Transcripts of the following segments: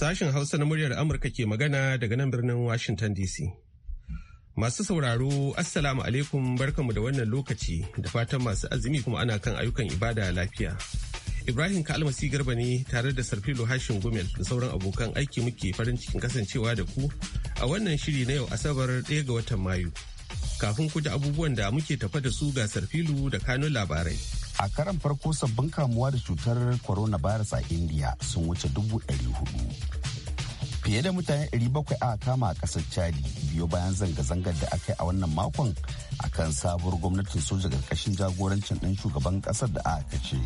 Sashen Hausa na muryar Amurka ke magana daga nan birnin Washington DC. Masu sauraro, Assalamu alaikum barkanmu da wannan lokaci da fatan masu azumi kuma ana kan ayyukan ibada lafiya. Ibrahim ka Almasi Garba ne tare da Sarfilo Hashin Gumel da sauran abokan aiki muke farin cikin kasancewa da ku a wannan shiri na yau Asabar ɗaya ga watan Mayu. Kafin ku ji abubuwan da muke tafa da su ga Sarfilo da kanun labarai. A karan farko sabbin kamuwa da cutar coronavirus a India sun wuce dubu ɗari hudu. fiye da mutane 700 aka kama a kasar chadi biyo bayan zanga-zangar da aka yi a wannan makon a kan sabuwar gwamnatin soja karkashin jagorancin ɗan shugaban ƙasar da aka ce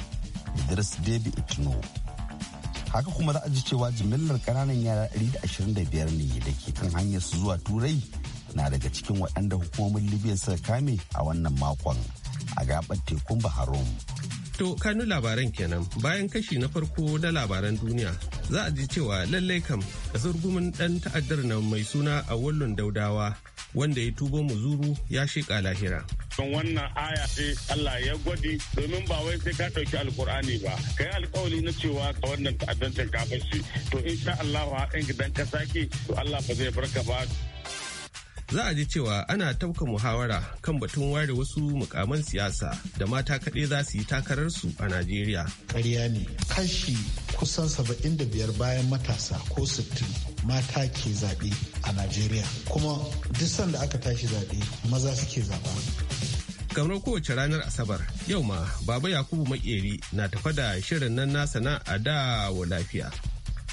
idris debi itno haka kuma za a ji cewa jimillar ƙananan yara 125 ne da ke kan hanyar su zuwa turai na daga cikin waɗanda hukumomin libya suka kame a wannan makon a gaɓar tekun baharom To kanu labaran kenan bayan kashi na farko na labaran duniya za a ji cewa lallai kam zurgumin dan ta'addar nan mai suna a wallon daudawa wanda ya tubo muzuru ya sheka lahira. Kan wannan aya sai Allah ya gwadi domin ba wai sai ka ɗauki alkur'ani ba. Kai alkawali na cewa ka wannan ta ka shi. To insha Allah haɗin gidan ka sake to Allah ba zai barka ba. Za a ji cewa ana tauka muhawara kan batun ware wasu mukaman siyasa da mata kaɗai za su yi takararsu a Najeriya. Ƙarya ne kashi kusan 75 bayan matasa ko 60 mata ke zaɓe a Najeriya. Kuma duk sanda aka tashi zaɓe maza suke zaɓa. kamar kowace ranar asabar yau ma baba yakubu makeri na tafa da shirin nan nasa na a wa lafiya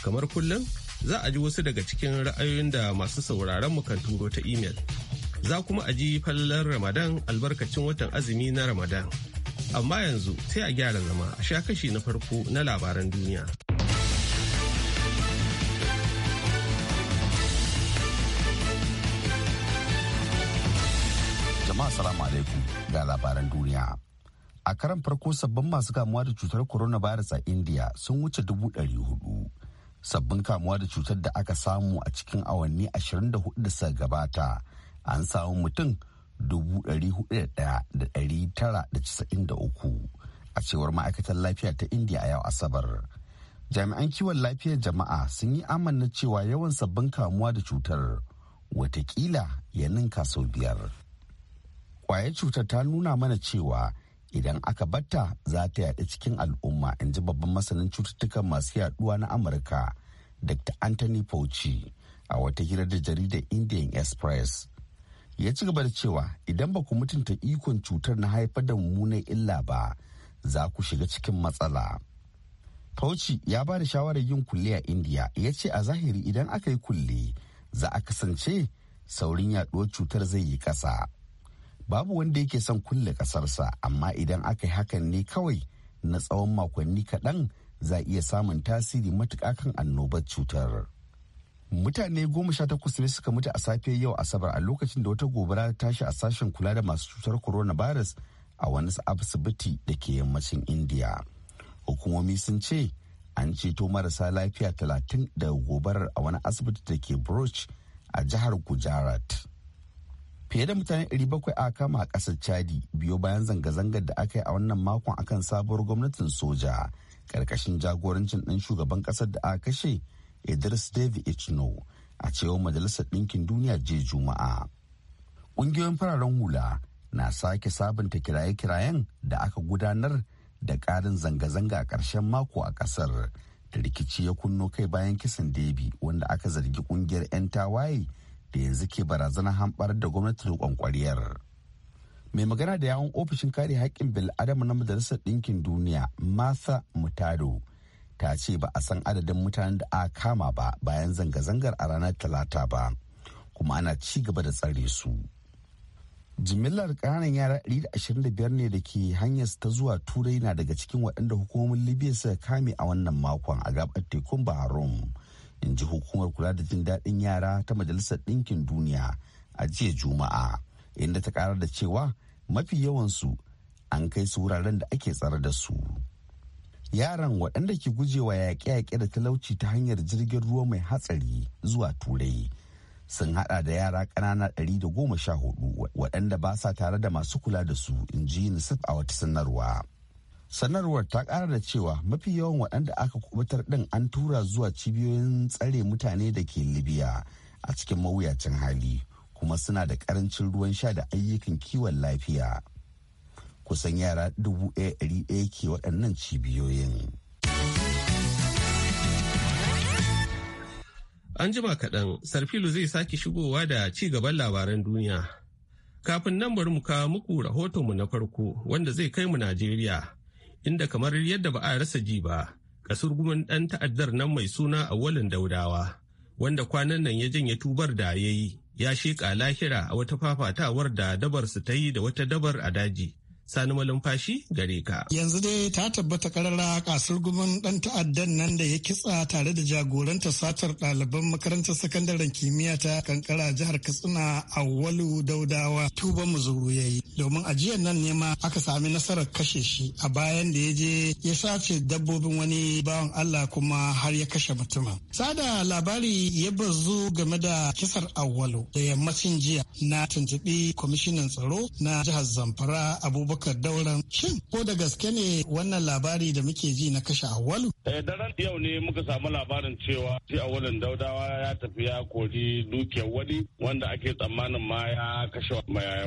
kamar kullum za a ji wasu daga cikin ra'ayoyin da masu sauraron mu kan turo ta imel za kuma a ji fallar ramadan albarkacin watan azumi na ramadan amma yanzu sai a gyara zama a sha kashi na farko na labaran duniya jama'a salamu alaikum ga labaran duniya. A karan farko sabbin masu kamuwa da cutar corona coronavirus a India sun wuce dubu ɗari hudu. Sabbin kamuwa da cutar da aka samu a cikin awanni 24 da suka gabata an samu mutum dubu ɗari hudu da daya da ɗari tara da casa'in da uku a cewar ma'aikatar lafiya ta India a yau Asabar. Jami'an kiwon lafiyar jama'a sun yi amanna cewa yawan sabbin kamuwa da cutar watakila ya ninka sau biyar. kwayar cutar ta nuna mana cewa idan aka batta za ta yaɗu cikin al'umma in ji babban masanin cututtukan masu yaɗuwa na amurka dr anthony fauci a wata hira da jaridar indian express ya ci gaba da cewa idan ba ku mutunta ikon cutar na haifar da mummunan illa ba za ku shiga cikin matsala fauci ya ba da shawarar yin kulle a indiya ya ce a zahiri idan aka yi kulle za a kasance saurin yaɗuwar cutar zai yi ƙasa. babu wanda yake son kulle kasarsa amma idan aka yi hakan ne kawai na tsawon makonni kaɗan za a iya samun tasiri matuƙa kan annobar cutar. Mutane goma sha takwas ne suka mutu a safe yau Asabar a lokacin da wata gobara ta tashi a sashen kula da masu cutar coronavirus a wani asibiti da ke yammacin india Hukumomi sun ce an ceto marasa lafiya talatin daga gobarar a wani asibiti da ke brooch a jihar Gujarat. fiye da mutane 700 a kama a kasar chadi biyo bayan zanga-zangar da aka yi a wannan makon akan sabuwar gwamnatin soja karkashin jagorancin ɗan shugaban kasar da aka kashe idris david ichno a cewar majalisar ɗinkin duniya je juma'a ƙungiyoyin fararen hula na sake sabunta kiraye-kirayen da aka gudanar da ƙarin zanga-zanga a ƙarshen mako a ƙasar da rikici ya kunno kai bayan kisan debi wanda aka zargi ƙungiyar 'yan tawaye da yanzu ke barazanar hamɓar da gwamnatin kwankwariyar. mai magana da yawon ofishin kare haƙƙin bil'adama na majalisar ɗinkin duniya masa mutado ta ce ba a san adadin mutanen da aka kama ba bayan zanga-zangar a ranar talata ba kuma ana ci gaba da tsare su jimillar ƙananan yara 125 ne da ke hanyar su ta zuwa turai na daga cikin waɗanda hukumomin libya suka kame a wannan makon a gabar tekun baharom in ji hukumar kula da jin daɗin yara ta majalisar ɗinkin duniya a jiya juma'a inda ta ƙara da cewa mafi yawansu an kai su wuraren da ake tsare da su yaran waɗanda ke gujewa yaƙe-yaƙe da talauci ta hanyar jirgin ruwa mai hatsari zuwa turai sun hada da yara ƙanana ɗari da goma sha 114 waɗanda ba sa tare da masu kula da su in ji a wata sanarwa. sanarwar ta kara da cewa mafi yawan waɗanda aka kubutar ɗin an tura zuwa cibiyoyin tsare mutane da ke libya a cikin mawuyacin hali kuma suna da karancin ruwan sha da ayyukan kiwon lafiya kusan yara dubu ɗaya ke waɗannan cibiyoyin an jima kaɗan sarfilu zai sake shigowa da ci gaban labaran duniya kafin nan bari mu kawo muku rahoton mu na farko wanda zai kai mu najeriya inda kamar yadda ba a rasa ji ba gumin ɗan ta'addar nan mai suna a walin daudawa wanda kwanan nan ya janye tubar da ya yi ya sheƙa lahira a wata fafatawar da dabar su ta yi da wata dabar a daji Sani malumfashi gare ka. Yanzu dai ta tabbata karara kasar gumin dan ta'addan nan da ya kitsa tare da jagoranta satar ɗaliban makarantar sakandaren kimiyya ta kankara jihar Katsina a walu Daudawa tuba muzuru ya yi. Domin ajiyar nan ne ma aka sami nasarar kashe shi a bayan da ya je ya sace dabbobin wani bawan Allah kuma har ya kashe mutumin. Sada labari ya bazu game da kisar Awwalu da yammacin jiya na tuntuɓi kwamishinan tsaro na jihar Zamfara Abubakar ɗaukar dauran shin ko da gaske ne wannan labari da muke ji na kashe awalu? Eh, daren yau ne muka samu labarin cewa shi awalin daudawa ya tafi ya kori dukiyar wani wanda ake tsammanin ma ya kashe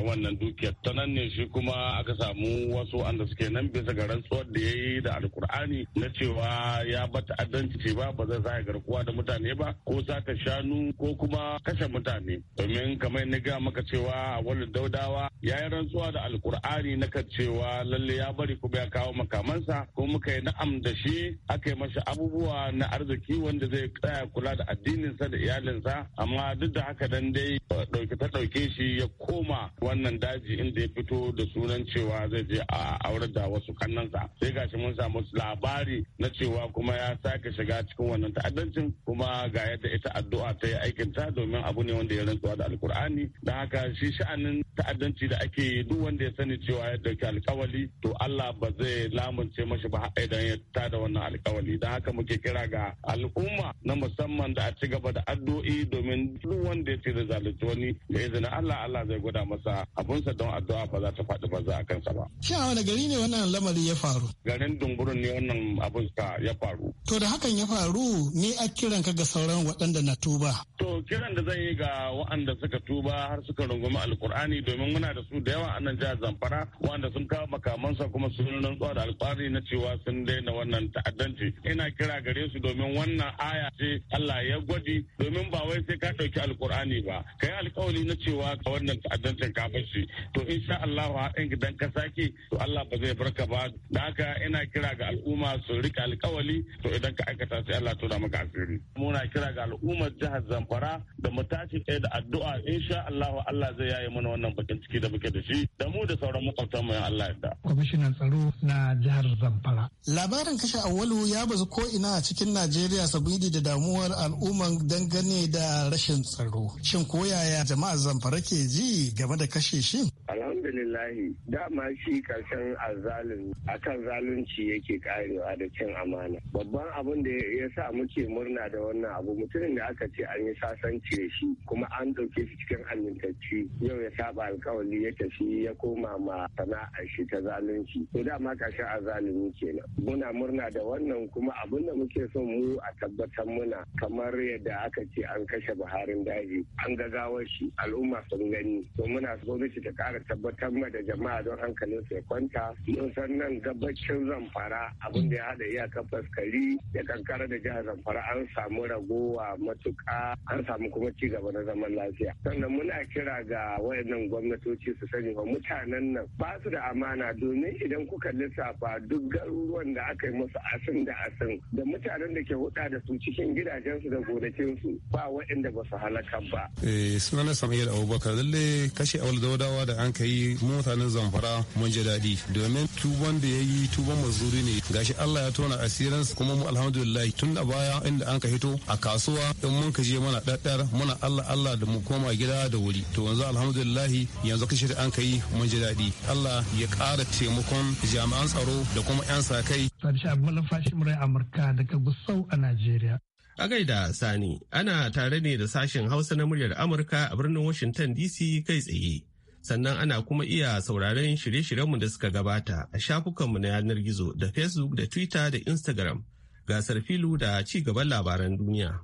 wannan dukiyar ta nan ne shi kuma aka samu wasu anda suke nan bisa ga rantsuwar da ya yi da alkur'ani na cewa ya ba ta'addanci ba ba zai sa garkuwa da mutane ba ko sata shanu ko kuma kashe mutane domin kamar na ga maka cewa awalin daudawa ya yi rantsuwa da alkur'ani na harkar cewa lalle ya bari kuma ya kawo makamansa ko muka yi na'am da shi aka yi masa abubuwa na arziki wanda zai tsaya kula da addininsa da iyalinsa amma duk da haka dan dai dauke eh, ta ɗauke shi ya koma wannan daji inda ya fito da sunan cewa zai je a aurar da wasu kannansa sai gashi mun samu labari na cewa kuma ya sake shiga cikin wannan ta'addancin kuma ga yadda ita addu'a ta yi ta domin abu ne wanda ya rantsuwa da alkur'ani don haka shi sha'anin ta'addanci da ake duk wanda ya sani cewa ɗauki alkawali to Allah ba zai lamunce mashi ba idan ya ta da wannan alkawali don haka muke kira ga al'umma na musamman da a ci gaba da addu'o'i domin duk wanda ya ce da zalunci wani da izinin Allah Allah zai gwada masa abunsa don addu'a ba za ta faɗi ba za a kansa ba. Shin a wani gari ne wannan lamari ya faru? Garin Dungurun ne wannan abun ya faru. To da hakan ya faru ne a kiran ka ga sauran waɗanda na tuba. To kiran da zan yi ga waɗanda suka tuba har suka rungumi alkur'ani domin muna da su da yawa a nan jihar Zamfara wanda sun kawo makamansa kuma sun rantsuwa da alfahari na cewa sun daina wannan ta'addanci ina kira gare su domin wannan aya ce Allah ya gwaji domin ba wai sai ka ɗauki alkur'ani ba kai alkawali na cewa ka wannan ta'addancin ka fashi to insha Allah ha in gidan ka saki to Allah ba zai barka ba da haka ina kira ga al'umma su rika alkawali to idan ka aikata sai Allah tura maka asiri muna kira ga al'ummar jihar Zamfara da mu tashi da addu'a insha Allah Allah zai yaye mana wannan bakin ciki da muke da shi da mu da sauran makwabtan mai Allah ya Kwamishinan tsaro na jihar Zamfara. Labarin kashe Auwalu ya bazu ko ina a cikin Najeriya sabidi da damuwar al'umman dangane da rashin tsaro. Shin ko yaya jama'ar Zamfara ke ji game da kashe shi? alhamdulillahi dama shi karshen azalin akan zalunci yake karewa da cin amana babban abin da ya sa muke murna da wannan abu mutumin da aka ce an yi sasanci da shi kuma an ɗauke shi cikin amintacci yau ya saba alkawali ya tafi ya koma ma sana'ar shi ta zalunci to dama karshen azalimi kenan muna murna da wannan kuma abin da muke so mu a tabbatar muna kamar yadda aka ce an kashe buharin daji an gagawar shi al'umma sun gani to muna so gwamnati ta ƙara tabbatar tabbatar da jama'a don hankalin su ya kwanta mun san nan gabacin zamfara abin da ya haɗa iyaka faskari da kankara da jihar zamfara an samu ragowa matuƙa an samu kuma ci gaba na zaman lafiya sannan muna kira ga wayannan gwamnatoci su sani wa mutanen nan ba su da amana domin idan kuka lissafa duk garuruwan da aka yi musu asin da asin da mutanen da ke huɗa da su cikin gidajensu da gonakinsu ba waɗanda ba su halaka ba. Eh, sunana Samuel Abubakar lalle kashe awal da an kai al'amari mutanen zamfara mun ji daɗi domin tuban da ya yi tuban mazuri ne gashi Allah ya tona asirin kuma mu alhamdulillah tun da baya inda an ka hito a kasuwa in mun ka je mana daddar muna Allah Allah da mu koma gida da wuri to yanzu alhamdulillah yanzu kashi da an ka yi mun ji daɗi Allah ya ƙara taimakon jami'an tsaro da kuma 'yan sakai. Sabishi Abu Malafashi Murai Amurka daga Gusau a Najeriya. A gaida Sani, ana tare ne da sashen Hausa na muryar Amurka a birnin Washington DC kai tsaye. sannan ana kuma iya sauraron shirye-shiryenmu da suka gabata a shafukanmu na yanar gizo da facebook da twitter da instagram gasar filu da ci gaban labaran duniya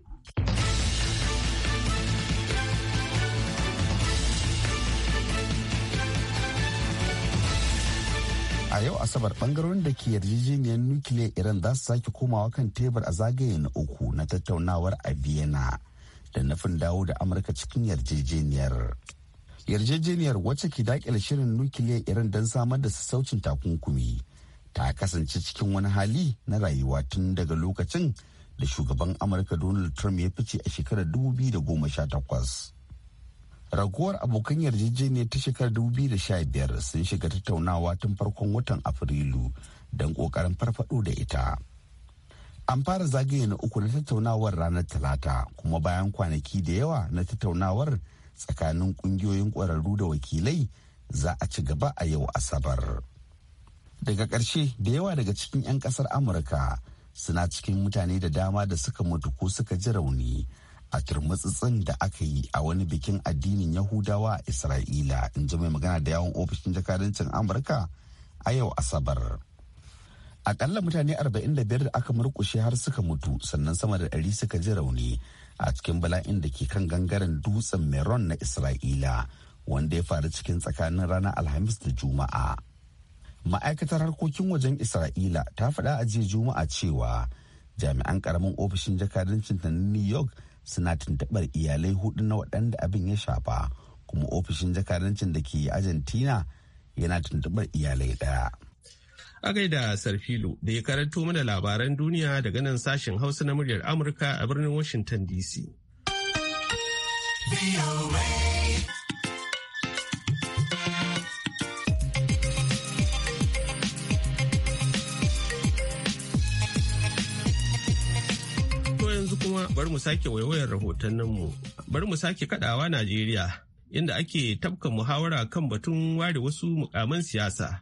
a yau asabar bangarorin da ke yarjejeniyar nukiliya iran za su sake komawa kan tebur a zagaye na uku na tattaunawar a vienna da nufin dawo da amurka cikin yarjejeniyar yarjejeniyar wacce ke dakile shirin nukiliya irin don samar da sassaucin takunkumi ta kasance cikin wani hali na rayuwa tun daga lokacin da shugaban amurka donald trump ya fice a shekarar 2018 raguwar abokan yarjejeniyar ta shekarar 2015 sun shiga tattaunawa tun farkon watan afrilu don kokarin farfado da ita an fara zagaye na uku na tattaunawar ranar talata kuma bayan kwanaki da yawa na tattaunawar tsakanin kungiyoyin ƙwararru da wakilai za a ci gaba a yau asabar daga ƙarshe da yawa daga cikin 'yan ƙasar amurka suna cikin mutane da dama da suka mutu ko suka ji rauni a turmutsutsun da aka yi a wani bikin addinin yahudawa a isra'ila in ji mai magana da yawon ofishin jakadancin amurka a yau asabar akalla mutane 45 da aka murkushe har suka mutu sannan sama da 100 suka ji rauni a cikin bala'in da ke kan gangaren dutsen meron na isra'ila wanda ya faru cikin tsakanin ranar alhamis da juma'a ma'aikatar harkokin wajen isra'ila ta faɗa a jiya juma'a cewa jami'an ƙaramin ofishin jakadancin ta new york suna tuntuɓar iyalai hudu na waɗanda abin ya shafa kuma ofishin jakadancin da ke argentina yana tuntuɓar iyalai ɗaya. A gaida Sarfilo da ya karanto mana labaran duniya daga nan sashen Hausa na muryar Amurka a birnin Washington DC. yanzu kuma bar mu sake waiwayar rahotanninmu Bar mu sake kadawa Najeriya inda ake tafkan muhawara kan batun ware wasu mukaman siyasa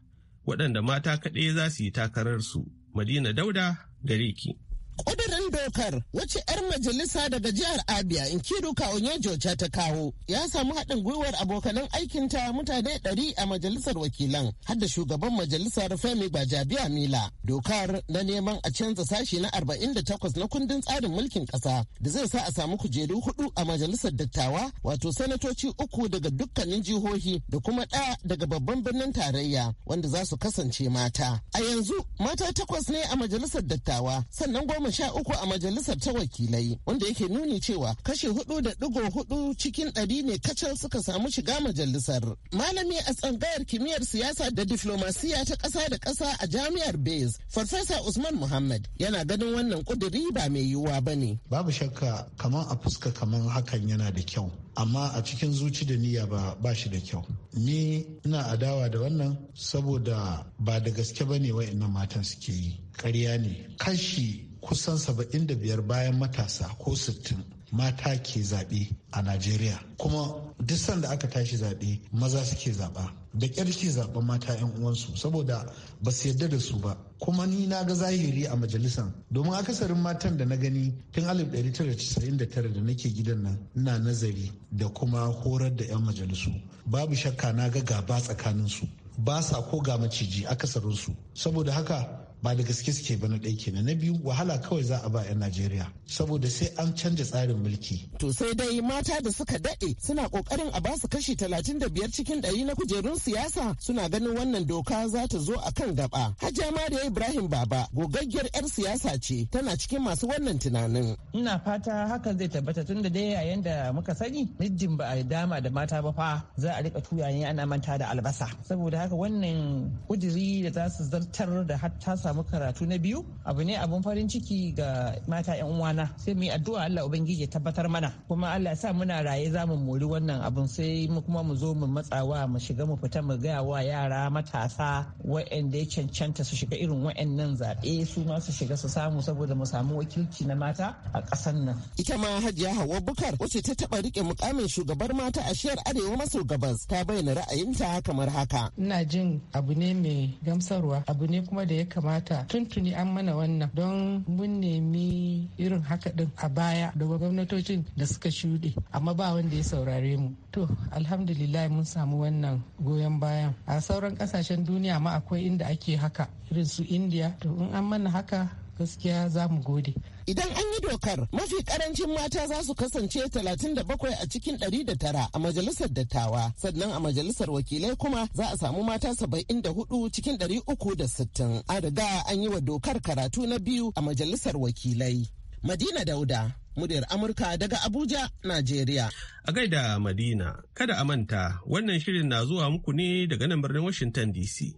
waɗanda mata kaɗai za su yi takararsu. Madina Dauda gare ki. Ƙudurin dokar wacce 'yar majalisa daga jihar Abia Inkiruka joja ta kawo ya samu haɗin gwiwar abokanan aikinta mutane ɗari a majalisar wakilan har shugaban majalisar Femi Gbajabiya Mila. Dokar na neman a canza sashi na 48 na kundin tsarin mulkin ƙasa da zai sa a samu kujeru hudu a majalisar dattawa wato sanatoci uku daga dukkanin jihohi da kuma ɗaya daga babban birnin tarayya wanda za su kasance mata. A yanzu mata takwas ne a majalisar dattawa sannan goma goma sha uku a majalisar ta wakilai wanda yake nuni cewa kashe hudu da digo hudu cikin ɗari ne kacal suka samu shiga majalisar. Malami a tsangayar kimiyyar siyasa da diflomasiya ta ƙasa da ƙasa a jami'ar Bez, Farfesa Usman Muhammad yana ganin wannan ƙuduri ba mai yiwuwa ba ne. Babu shakka kamar a fuska kamar hakan yana da kyau. amma a cikin zuci da niyya ba ba shi da kyau ni ina adawa da wannan saboda ba da gaske ba ne wa'annan matan suke yi ƙarya ne kashi kusan 75 bayan matasa ko 60 mata ke zaɓe a Najeriya. Kuma duk sanda aka tashi zaɓe maza suke zaɓa. Da ƙyar suke zaɓen mata 'yan uwansu saboda ba su yarda da su ba. Kuma ni na ga zahiri a majalisan domin akasarin matan da na gani tun 1999 da nake gidan nan ina nazari da kuma horar da 'yan majalisu. Babu shakka na ga gaba tsakaninsu. Ba sa ko ga maciji akasarinsu. Saboda haka ba da gaske suke ba na kenan na biyu wahala kawai za a ba 'yan najeriya saboda sai an canja tsarin mulki to sai dai mata da suka daɗe suna ƙoƙarin a basu kashi talatin da biyar cikin ɗari na kujerun siyasa suna ganin wannan doka za ta zo a kan gaba hajiya mariya ibrahim baba gogaggiyar 'yar siyasa ce tana cikin masu wannan tunanin ina fata hakan zai tabbata tun da dai yayin da muka sani mijin ba a dama da mata ba fa za a rika tuyayen ana manta da albasa saboda haka wannan kudiri da za su zartar da hatta samu karatu na biyu abu ne abun farin ciki ga mata yan uwana sai mu yi addu'a Allah ubangiji ya tabbatar mana kuma Allah sa muna raye za mu mori wannan abun sai mu kuma mu zo mu matsawa mu shiga mu fita mu gaya wa yara matasa wa'anda ya cancanta su shiga irin wa'annan zaɓe su ma su shiga su samu saboda mu samu wakilci na mata a ƙasan nan. Ita ma Hajiya Hauwa Bukar wacce ta taɓa riƙe mukamin shugabar mata a shiyar Arewa maso gabas ta bayyana ra'ayinta kamar haka. Ina jin abu ne mai gamsarwa abu ne kuma da ya kamata kamata tuntuni an mana wannan don mun nemi irin haka din a baya daga gwamnatocin da suka shuɗe amma ba wanda ya saurare mu to alhamdulillah mun samu wannan goyon bayan a sauran kasashen duniya ma akwai inda ake haka irin su india to in an mana haka gaskiya za mu gode Idan an yi dokar mafi karancin mata za su kasance 37 a cikin 109 a majalisar dattawa sannan a majalisar wakilai kuma za a samu mata 74 cikin 360. sittin riga an yi wa dokar karatu na biyu a majalisar wakilai. Madina Dauda, muryar Amurka daga Abuja, Najeriya. A gaida Madina, kada a manta wannan shirin na zuwa muku ne daga nan birnin Washington DC.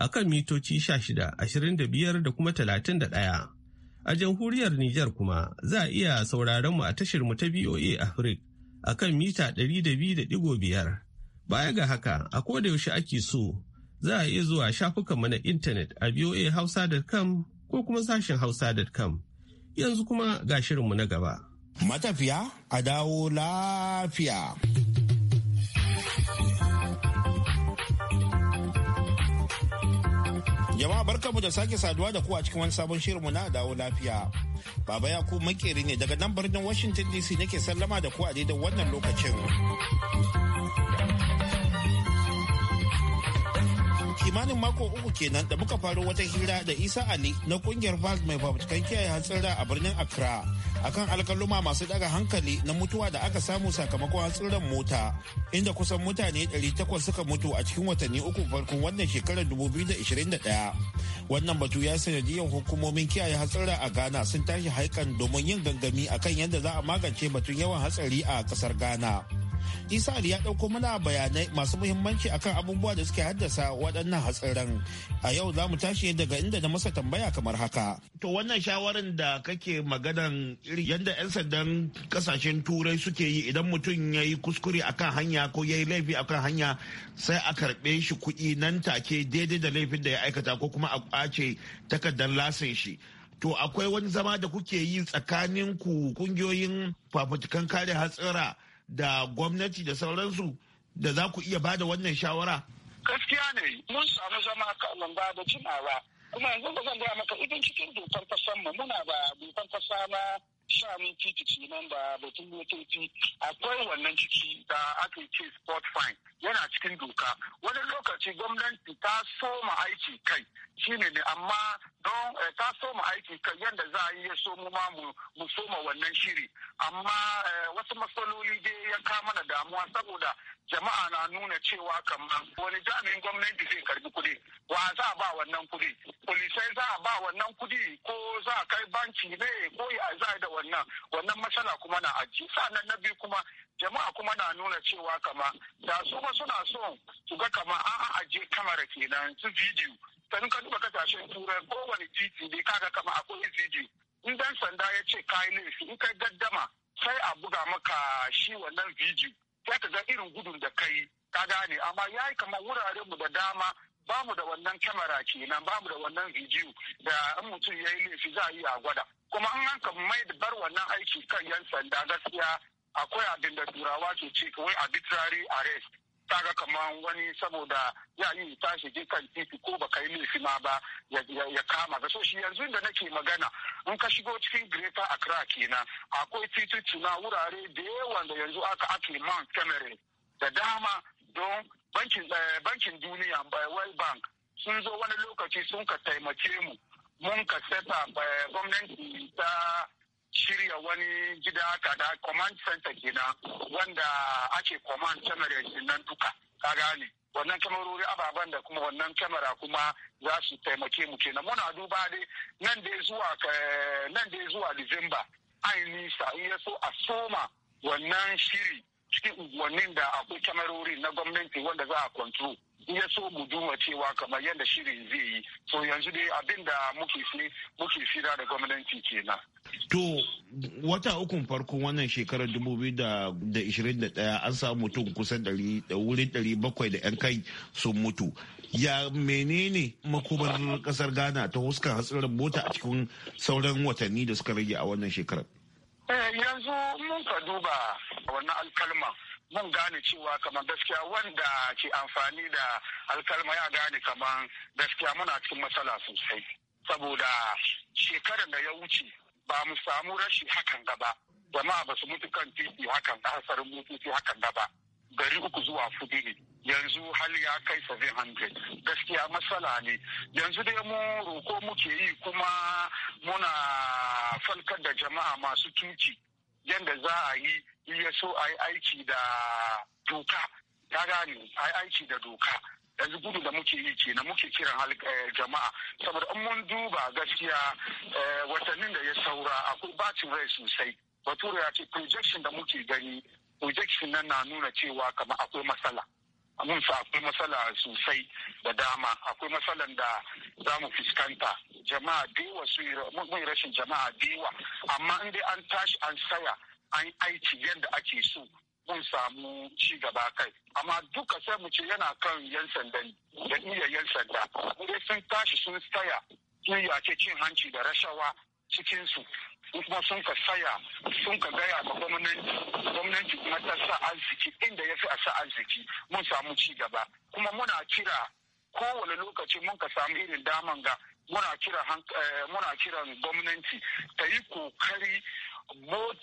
akan kan mitoci 16, 25 da kuma 31. A jamhuriyar Nijar kuma za a iya sauraron mu a tashar mu ta BOA Africa a kan mita 200.5. Baya ga haka, a koda yaushe ake so za a iya zuwa shafukanmu na intanet a boahausa.com ko kuma sashen hausa.com. Yanzu kuma ga shirinmu na gaba. Matafiya a dawo lafiya. Jama'a barkanmu da sake saduwa da ku a cikin wani sabon shirinmu na dawo lafiya. Baba ya Yakubu makeri ne daga nan birnin Washington DC nake sallama da ku a daidai wannan lokacin. kimanin mako uku kenan da muka faro wata hira da isa ali na kungiyar vag mai fafutukan kiyaye hatsira a birnin accra akan alkaluma masu daga hankali na mutuwa da aka samu sakamakon hatsuran mota inda kusan mutane 800 suka mutu a cikin watanni uku farkon wannan shekarar 2021 wannan batu ya sanadiyar hukumomin kiyaye hatsura a ghana sun tashi haikan domin yin gangami akan yadda za a magance batun yawan hatsari a kasar ghana isa ali ya ɗauko mana bayanai masu muhimmanci akan abubuwa da suke haddasa waɗannan hatsarin a yau za mu tashi daga inda na masa tambaya kamar haka to wannan shawarar da kake maganan yadda 'yan sandan kasashen turai suke yi idan mutum ya yi kuskure akan hanya ko ya yi laifi akan hanya sai a karɓe shi kuɗi nan take daidai da laifin da ya aikata ko kuma a ƙwace takardar lasin shi to akwai wani zama da kuke yi tsakanin ku kungiyoyin fafutukan kare hatsira da gwamnati da sauransu da za ku iya bada wannan shawara? Gaskiya ne mun samu zama kan ba da tunawa kuma yanzu ba zan gaya maka idan cikin dokar kasan mu muna ba dokar kasa ba sha'anin titi nan ba batun motoci akwai wannan ciki da aka ce sport fine yana cikin doka wani lokaci gwamnati ta soma aiki kai shine ne amma don eh, ta soma aiki kai yadda za a yi ya mu, ma mu soma wannan shiri amma eh, wasu matsaloli dai ya kama na damuwa saboda jama'a na nuna cewa kamar wani jami'in gwamnati zai karbi kuɗi wa za a ba wannan kuɗi polisai za a ba wannan kuɗi ko za a kai banki ne ko ya za da wannan wannan matsala kuma na aji sannan na biyu kuma jama'a kuma na nuna cewa kama da su ma suna so su ga kama a'a aje kamara kenan su bidiyo sannan ka duba kasashen turai kowane titi ne kaga kama akwai bidiyo in dan sanda ya ce kayi laifi in kai gaddama sai a buga maka shi wannan bidiyo sai ka ga irin gudun da kai ka gane amma ya yi kamar wuraren mu da dama ba mu da wannan kyamara kenan ba mu da wannan video da in mutum ya yi laifi za a iya gwada kuma an hanka mai da bar wannan aiki kan yan sanda gaskiya akwai abin da turawa ke ce kawai arbitrary arrest kaga kamar wani saboda ya yi tashi ji kan titi ko baka yi laifi ma ba ya kama ga so shi yanzu da nake magana in ka shigo cikin greater accra kenan akwai tituna wurare da yawan da yanzu aka ake man camera da dama don Eh, bankin duniya world bank sun zo wani lokaci sun ka taimake mu mun ka seta eh, gwamnati ta shirya wani gida haka da command center kenan wanda ake command generate nan duka ka gane wannan kamarori ababen da kuma wannan kamera kuma za su taimake mu kenan muna duba dai nan dai zuwa eh, nan dai zuwa december ai nisa in ya so a soma wannan shiri cikin unguwannin da akwai kyamarori na gwamnati wanda za a kwanto ya so mu duba cewa kamar yadda shirin zai yi so yanzu dai abin da muke fi muke fira da gwamnati kenan. to wata ukun farko wannan shekarar 2021 an samu mutum kusan wurin 700 da 'yan kai sun mutu ya menene makubar kasar ghana ta huska hatsarin mota a cikin sauran watanni da suka rage a wannan shekarar Eh, yanzu mun ka duba wannan alkalma mun gane cewa kamar gaskiya wanda ke amfani da alkalma ya gane kamar gaskiya muna cikin matsala sosai saboda shekarar da ya wuce ba mu samu rashi hakan gaba jama'a ba su mutu kan titi hakan da hasarin mutu hakan gaba gari uku zuwa fudu ne yanzu hali ya kai 700 gaskiya matsala ne yanzu dai mu roko muke yi kuma muna falkar da jama'a masu tuki yadda za a yi ya so a yi aiki da doka ta gane a yi aiki da doka yanzu gudu da muke yi ke na muke kiran eh, jama'a saboda in mun duba gaskiya eh, watannin da ya saura akwai bacin rai sosai bature ya ce projection da muke gani projection nan na nuna cewa kamar akwai matsala sa akwai matsala sosai da dama akwai matsalan da za mu fuskanta jama'a biwa su mun rashin jama'a biwa amma in dai an tashi an saya an aiki yadda ake so mun samu ci gaba kai amma duka sai mu ce yana kan yan sanda da iya yan sanda dai sun tashi sun saya sun yace cin hanci da rashawa cikinsu kuma sun ka saya sun ka gaya ga gwamnati kuma ta sa arziki inda ya fi a sa arziki mun samu ci gaba kuma muna kira kowane lokaci mun ka samu irin daman ga muna kira eh, muna kiran gwamnati ta yi kokari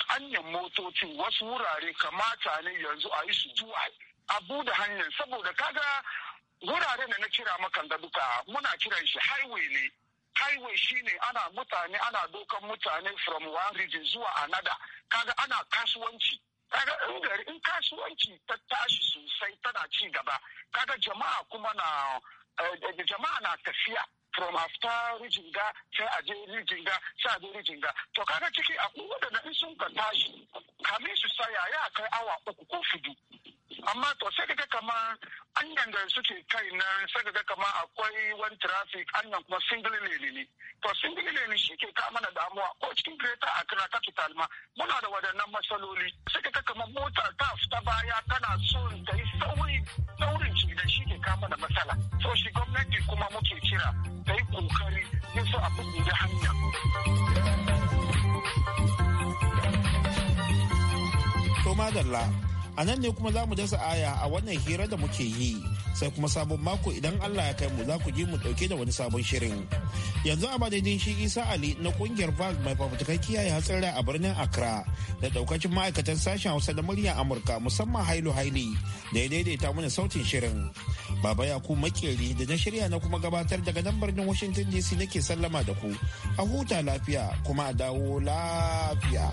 hanyar motocin wasu wurare kamata ne yanzu a yi su zuwa a buɗe hanyar saboda kaga wuraren da na kira makan da duka muna kiran shi highway ne highway shine ana mutane ana dokan mutane from one region zuwa another kaga ana kasuwanci kaga in gari in kasuwanci ta tashi sosai tana ci gaba kaga jama'a kuma na eh, eh, jama'a na tafiya from after region ga sai a je region ga sai a je region ga to kaga ciki akwai wadanda in sun ka tashi kamin su saya ya kai awa uku ko fudu amma to sai kaga kama an da suke kai na sai kaga kama akwai wani traffic anyan kuma single lane ne to single lane shi ke ka mana damuwa ko cikin greater accra capital ma muna da wadannan matsaloli sai kaga kama mota ta fita baya tana so ta yi sauri saurin ci da shi ke ka mana matsala so shi gwamnati kuma muke kira ta yi kokari yin su abin da hanya. To madalla a nan ne kuma za mu dasa aya a wannan hira da muke yi sai kuma sabon mako idan allah ya kai mu za ku ji mu dauke da wani sabon shirin yanzu a madadin shi isa ali na kungiyar val mai fafutukar kiyaye hatsin rai a birnin accra da daukacin ma'aikatan sashen hausa da murya amurka musamman hailu haili da ya daidaita mana sautin shirin baba yaku makeri da na shirya na kuma gabatar daga nan birnin washington dc nake sallama da ku a huta lafiya kuma a dawo lafiya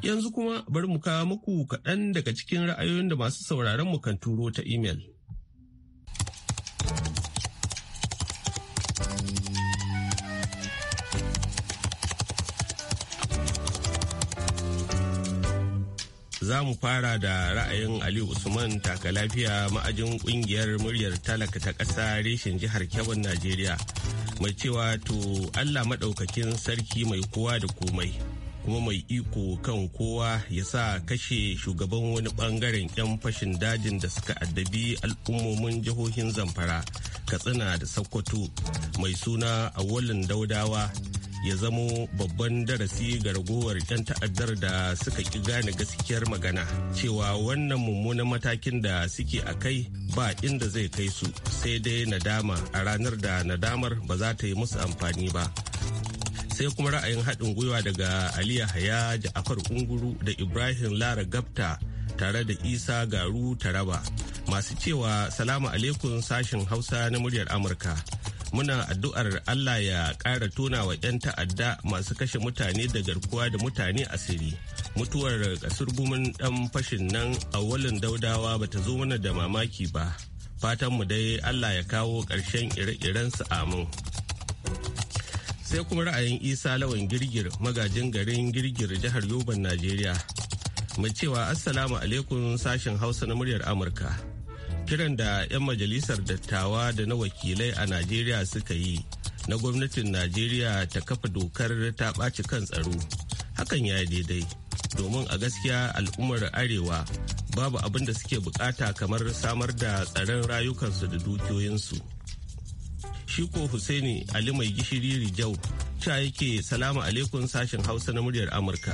Yanzu kuma bari mu kawo muku kaɗan daga cikin ra'ayoyin da masu sauraron mu kan turo ta imel. za mu fara da ra'ayin Ali Usman taka lafiya ma'ajin kungiyar muryar talaka ta ƙasa reshen jihar Kebbi Najeriya mai cewa to Allah maɗaukakin sarki mai kowa da komai kuma mai iko kan kowa ya sa kashe shugaban wani bangaren 'yan fashin dajin da suka addabi al'ummomin jihohin zamfara katsina da sokoto mai suna wallin daudawa ya zamo babban darasi ga ragowar 'yan ta'addar da suka ki gane gaskiyar magana cewa wannan mummunan matakin da suke a kai ba inda zai kai su sai dai nadama a ranar da nadamar ba za ta yi musu amfani ba sai kuma ra'ayin haɗin gwiwa daga ali yahaya ja'afar unguru da ibrahim lara gabta tare da isa garu taraba masu cewa salamu alaikum sashen hausa na muryar amurka muna addu'ar allah ya ƙara tona wa 'yan ta'adda masu kashe mutane da garkuwa da mutane asiri mutuwar kasurgumin ɗan fashin nan a walin daudawa ba ta zo mana da mamaki ba fatanmu dai allah ya kawo ƙarshen ire-irensu amin sai kuma ra'ayin isa lawan girgir magajin garin girgir jihar yoban najeriya mai cewa assalamu alaikum sashen hausa na muryar amurka kiran da 'yan majalisar dattawa da na wakilai a najeriya suka yi na gwamnatin najeriya ta kafa dokar ta ɓaci kan tsaro hakan ya daidai domin a gaskiya al'ummar arewa babu abin da suke bukata kamar samar da tsaron rayukansu da dukiyoyinsu. Shiko hussaini Husaini Ali mai gishiri Rijau sha yake salamu alaikun sashen Hausa na muryar Amurka.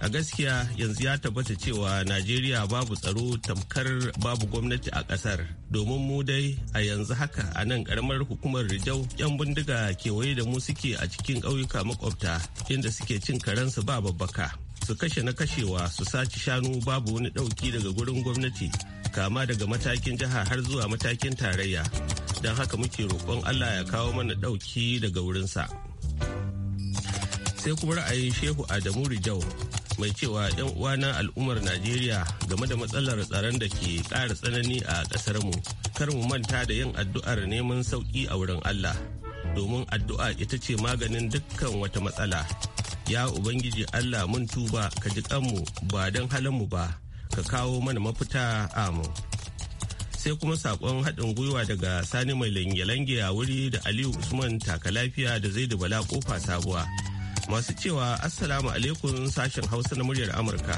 A gaskiya yanzu ya tabbata cewa Najeriya babu tsaro tamkar babu gwamnati a ƙasar. Domin mu dai a yanzu haka a nan ƙaramar hukumar Rijau 'yan bindiga kewaye da mu suke a cikin ƙauyuka makwabta inda suke cin karensu ba babbaka. Su kashe na kashewa su saci shanu babu wani ɗauki daga gurin gwamnati kama daga matakin jiha har zuwa matakin tarayya. don haka muke roƙon Allah ya kawo mana ɗauki daga wurinsa. Sai kuma ra'ayin Shehu Adamu Rijau mai cewa 'yan uwana al'ummar Najeriya game da matsalar tsaron da ke ƙara tsanani a ƙasarmu, kar mu manta da yin addu'ar neman sauƙi a wurin Allah, domin addu'a ita ce maganin dukkan wata matsala. Ya Ubangiji Allah mun tuba ka ji kanmu ba don mu ba, ka kawo mana mafita amin. sai kuma sakon haɗin gwiwa daga sani mai lange-lange a wuri da aliyu usman taka lafiya da da bala kofa sabuwa masu cewa assalamu alaikum sashen hausa na muryar amurka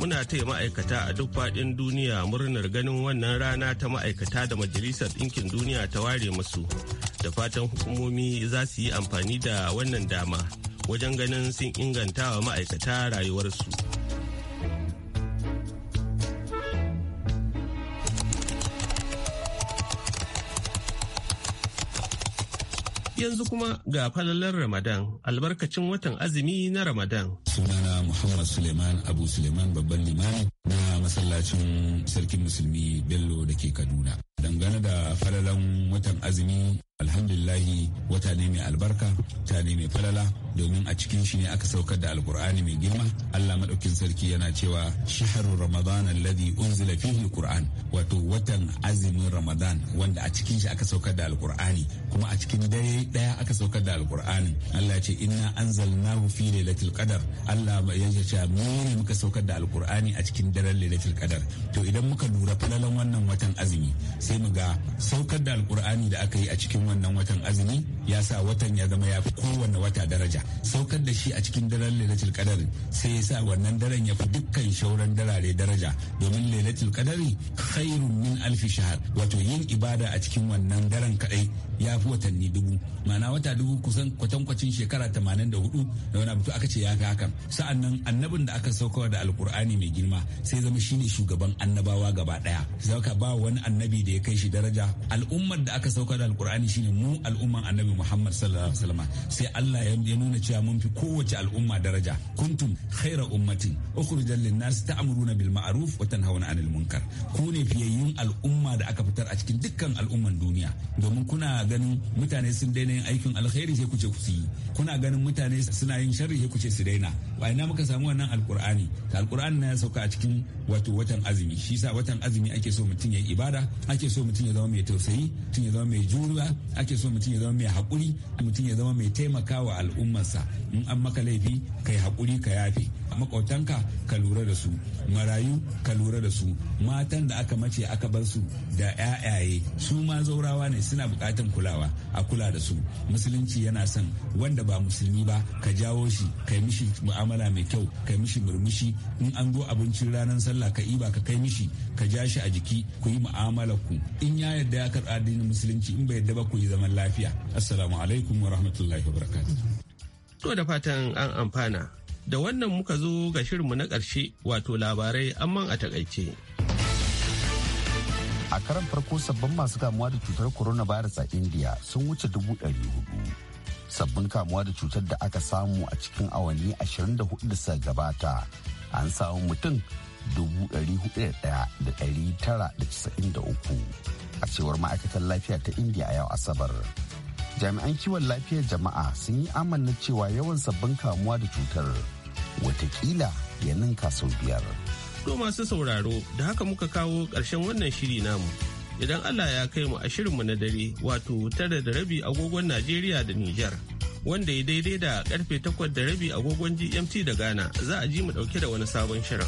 muna taya ma'aikata a duk faɗin duniya murnar ganin wannan rana ta ma'aikata da majalisar ɗinkin duniya ta ware musu da fatan hukumomi za su yi amfani da wannan dama wajen ganin sun inganta wa ma'aikata rayuwarsu. Yanzu kuma ga falalar Ramadan albarkacin watan azumi na Ramadan. Sunana Muhammad Suleiman Abu Suleiman babban limani na masallacin sarkin musulmi Bello da ke Kaduna. dangane da falalan watan azumi alhamdulillahi wata ne mai albarka wata ne mai falala domin a cikin shi ne aka saukar da alkur'ani mai girma allah maɗaukin sarki yana cewa shaharu ramadan alladhi unzila fihi alquran wato watan azumin ramadan wanda a cikin shi aka saukar da alkur'ani kuma a cikin dare daya aka saukar da alkur'ani allah ce inna anzalnahu fi lailatul qadar allah ya ce mu ne muka saukar da alkur'ani a cikin daren lailatul qadar to idan muka lura falalan wannan watan azumi sai sai mu ga saukar da alkur'ani da aka yi a cikin wannan watan azumi ya sa watan ya zama ya fi kowane wata daraja saukar da shi a cikin daren lailatul sai ya sa wannan daren ya fi dukkan shauran darare daraja domin lailatul qadari khairun min alfi shahar wato yin ibada a cikin wannan daren kadai ya fi watanni dubu ma'ana wata dubu kusan kwatankwacin shekara tamanin da hudu wani abu aka ce ya ga hakan sa'annan annabin da aka saukawa da alkur'ani mai girma sai zama shi ne shugaban annabawa gaba daya zaka ba wani annabi da ya kai shi daraja al'ummar da aka sauka da alkur'ani shine mu al'umman annabi muhammad sallallahu alaihi wasallam sai allah ya nuna cewa mun fi kowace al'umma daraja kuntum khaira ummatin ukhrijal lin nas ta'muruna bil ma'ruf wa tanhauna 'anil munkar ku ne fiyayyun al'umma da aka fitar a cikin dukkan al'umman duniya domin kuna ganin mutane sun daina yin aikin alkhairi sai ku ce ku yi kuna ganin mutane suna yin sharri sai ku ce su daina wa ina muka samu wannan alkur'ani alkur'ani na ya sauka a cikin wato watan azumi shi sa watan azumi ake so mutum ya ibada ake so so mutum ya zama mai tausayi mutum ya zama mai juriya ake so mutum ya zama mai haƙuri mutum ya zama mai taimakawa al'ummarsa in an maka laifi ka yi haƙuri ka yafe makautanka ka lura da su marayu ka lura da su matan da aka mace aka bar su da 'ya'yaye su ma zaurawa ne suna buƙatan kulawa a kula da su musulunci yana son wanda ba musulmi ba ka jawo shi kai mishi mu'amala mai kyau kai mishi murmushi in an zo abincin ranar sallah ka iba ka kai mishi ka ja shi a jiki ku yi mu'amala ku ku in ya yarda ya karɓa addinin musulunci in bai yarda ba ku yi zaman lafiya assalamu alaikum wa rahmatullahi wa to da fatan an amfana da wannan muka zo ga shirinmu na ƙarshe wato labarai amma a takaice. a karan farko sabbin masu kamuwa da cutar corona coronavirus a india sun wuce dubu ɗari hudu sabbin kamuwa da cutar da aka samu a cikin awanni 24 da suka gabata an samu mutum 1493 a cewar ma'aikatar lafiya ta indiya a yau asabar jami'an kiwon lafiyar jama'a sun yi amanna cewa yawan sabbin kamuwa da cutar watakila ya ninka sau biyar to masu sauraro da haka muka kawo ƙarshen wannan shiri namu idan allah ya kai mu a shirinmu na dare wato tara da rabi agogon najeriya da nijar wanda ya daidai da karfe takwas da rabi agogon gmt da ghana za a ji mu dauke da wani sabon shirin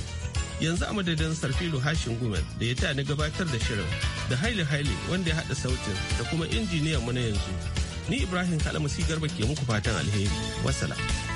yanzu a madadin sarfilo hashin gumel da ya ta ni gabatar da shirin da haile haile wanda ya haɗa sautin da kuma injiniyan mu na yanzu ni ibrahim kalamasi garba ke muku fatan alheri wasala.